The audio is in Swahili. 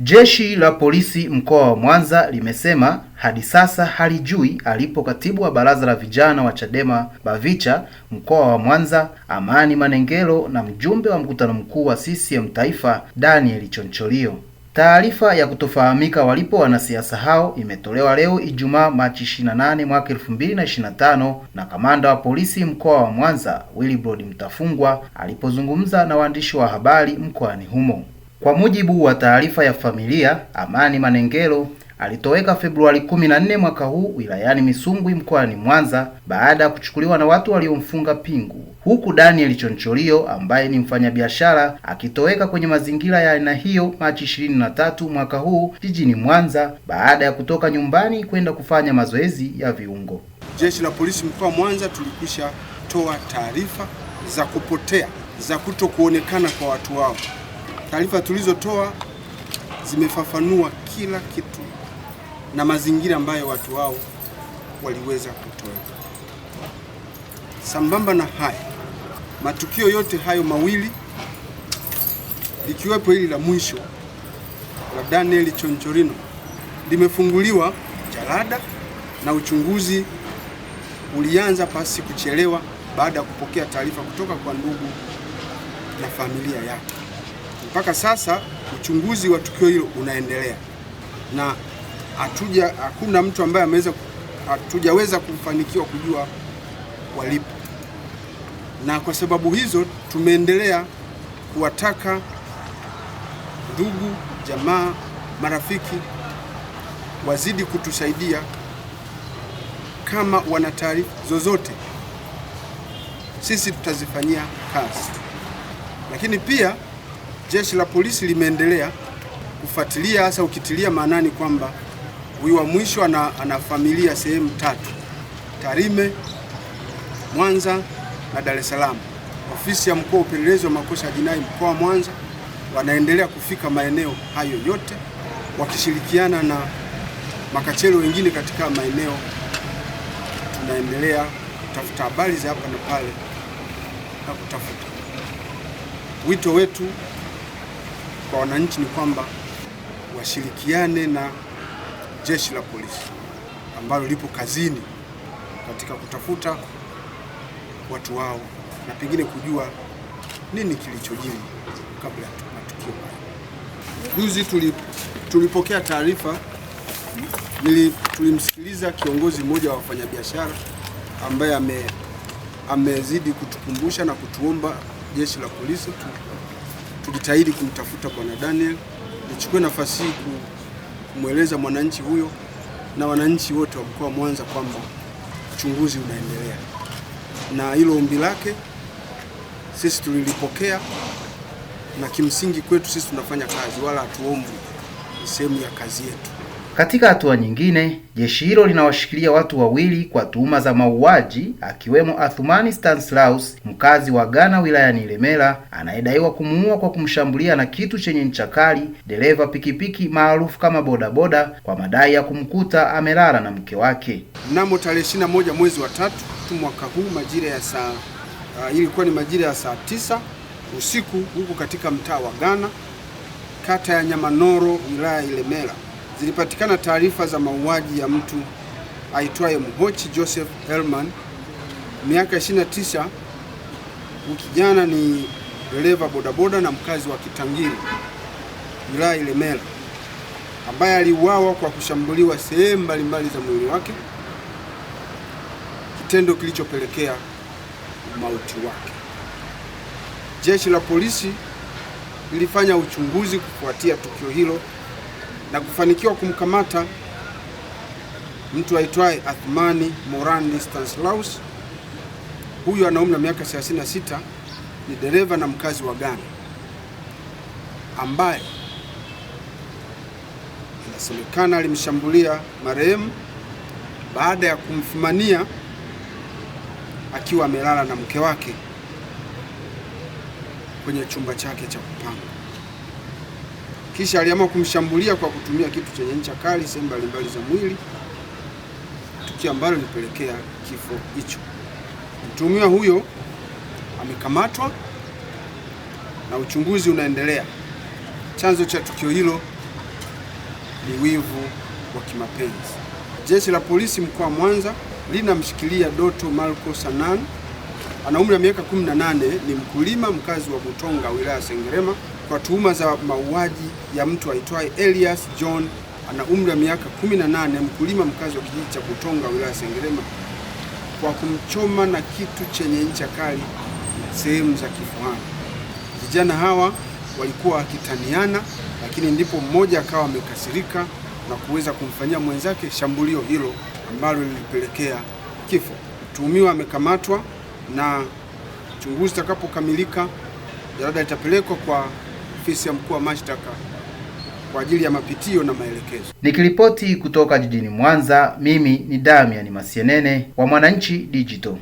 Jeshi la Polisi mkoa wa Mwanza limesema hadi sasa halijui alipo katibu wa Baraza la Vijana wa Chadema Bavicha mkoa wa Mwanza, Amani Manengelo na mjumbe wa mkutano mkuu wa CCM Taifa, Daniel Choncholio. Taarifa ya kutofahamika walipo wanasiasa hao imetolewa leo Ijumaa Machi 28 mwaka 2025 na kamanda wa polisi mkoa wa Mwanza, Willibrod Mtafungwa alipozungumza na waandishi wa habari mkoani humo. Kwa mujibu wa taarifa ya familia, Amani Manengelo alitoweka Februari 14 mwaka huu wilayani Misungwi mkoani Mwanza baada ya kuchukuliwa na watu waliomfunga pingu, huku Daniel Choncholio ambaye ni mfanyabiashara akitoweka kwenye mazingira ya aina hiyo Machi 23 mwaka huu jijini Mwanza baada ya kutoka nyumbani kwenda kufanya mazoezi ya viungo. Jeshi la Polisi mkoa Mwanza tulikwisha toa taarifa za kupotea za kutokuonekana kwa watu wao Taarifa tulizotoa zimefafanua kila kitu na mazingira ambayo watu hao waliweza kutoweka. Sambamba na haya, matukio yote hayo mawili likiwepo hili la mwisho la Daniel Chonchorino limefunguliwa jalada na uchunguzi ulianza pasi kuchelewa baada ya kupokea taarifa kutoka kwa ndugu na familia yake. Mpaka sasa uchunguzi wa tukio hilo unaendelea na hatuja hakuna mtu ambaye ameweza, hatujaweza kufanikiwa kujua walipo, na kwa sababu hizo tumeendelea kuwataka ndugu, jamaa, marafiki wazidi kutusaidia kama wana taarifa zozote, sisi tutazifanyia kazi, lakini pia jeshi la polisi limeendelea kufuatilia, hasa ukitilia maanani kwamba huyu wa mwisho ana, ana familia sehemu tatu: Tarime, Mwanza na Dar es Salaam. Ofisi ya mkuu wa upelelezi wa makosa ya jinai mkoa wa Mwanza wanaendelea kufika maeneo hayo yote wakishirikiana na makachero wengine katika maeneo. Tunaendelea kutafuta habari za hapa na pale na kutafuta wito wetu kwa wananchi ni kwamba washirikiane na jeshi la polisi ambalo lipo kazini katika kutafuta watu wao na pengine kujua nini kilichojiri kabla ya matukio hayo. Juzi tulipokea taarifa, tulimsikiliza kiongozi mmoja wa wafanyabiashara ambaye ame, amezidi kutukumbusha na kutuomba jeshi la polisi tu tujitahidi kumtafuta bwana Daniel. Nichukue nafasi hii kumweleza mwananchi huyo na wananchi wote wa mkoa wa Mwanza kwamba uchunguzi unaendelea, na hilo ombi lake sisi tulilipokea, na kimsingi kwetu sisi tunafanya kazi, wala hatuombi, ni sehemu ya kazi yetu. Katika hatua nyingine, jeshi hilo linawashikilia watu wawili kwa tuhuma za mauaji akiwemo Athumani Stanislaus mkazi wa Ghana wilayani Ilemela anayedaiwa kumuua kwa kumshambulia na kitu chenye ncha kali dereva pikipiki maarufu kama bodaboda kwa madai ya kumkuta amelala na mke wake. Mnamo tarehe 21 mwezi wa tatu mwaka huu majira ya saa uh, ilikuwa ni majira ya saa tisa usiku huko katika mtaa wa Ghana kata ya Nyamanoro wilaya ya Ilemela zilipatikana taarifa za mauaji ya mtu aitwaye Mhochi Joseph Herman miaka 29, ukijana ni dereva bodaboda na mkazi wa Kitangiri wilaya Ilemela, ambaye aliuawa kwa kushambuliwa sehemu mbalimbali za mwili wake, kitendo kilichopelekea mauti wake. Jeshi la polisi lilifanya uchunguzi kufuatia tukio hilo na kufanikiwa kumkamata mtu aitwaye Athmani Morani Stanislaus. Huyu ana umri wa miaka 36, ni dereva na mkazi wa Ghana ambaye inasemekana alimshambulia marehemu baada ya kumfumania akiwa amelala na mke wake kwenye chumba chake cha kupanga. Kisha aliamua kumshambulia kwa kutumia kitu chenye ncha kali sehemu mbalimbali za mwili, tukio ambalo lilipelekea kifo hicho. Mtuhumiwa huyo amekamatwa na uchunguzi unaendelea. Chanzo cha tukio hilo ni wivu wa kimapenzi. Jeshi la polisi mkoa wa Mwanza linamshikilia Doto Marco Sanan, ana umri wa miaka 18, ni mkulima mkazi wa Butonga wilaya ya Sengerema kwa tuhuma za mauaji ya mtu aitwaye Elias John ana umri wa miaka 18, mkulima mkazi wa kijiji cha kutonga wilaya Sengerema kwa kumchoma na kitu chenye ncha kali sehemu za kifuani. Vijana hawa walikuwa wakitaniana, lakini ndipo mmoja akawa amekasirika na kuweza kumfanyia mwenzake shambulio hilo ambalo lilipelekea kifo. Mtuhumiwa amekamatwa na uchunguzi utakapokamilika, jalada litapelekwa kwa ofisi ya mkuu wa mashtaka kwa ajili ya mapitio na maelekezo. Nikiripoti kutoka jijini Mwanza, mimi ni Damian Masienene wa Mwananchi Digital.